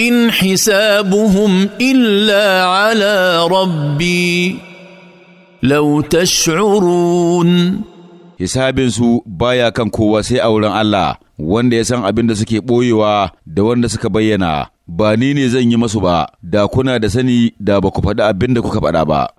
ان حسابهم الا على ربي لو تشعرون hisabinsu baya kan kowa sai a wurin Allah wanda ya san abin da suke ɓoyewa da wanda suka bayyana ba ni ne zan yi masu ba da kuna da sani da ba ku faɗi abin da kuka faɗa ba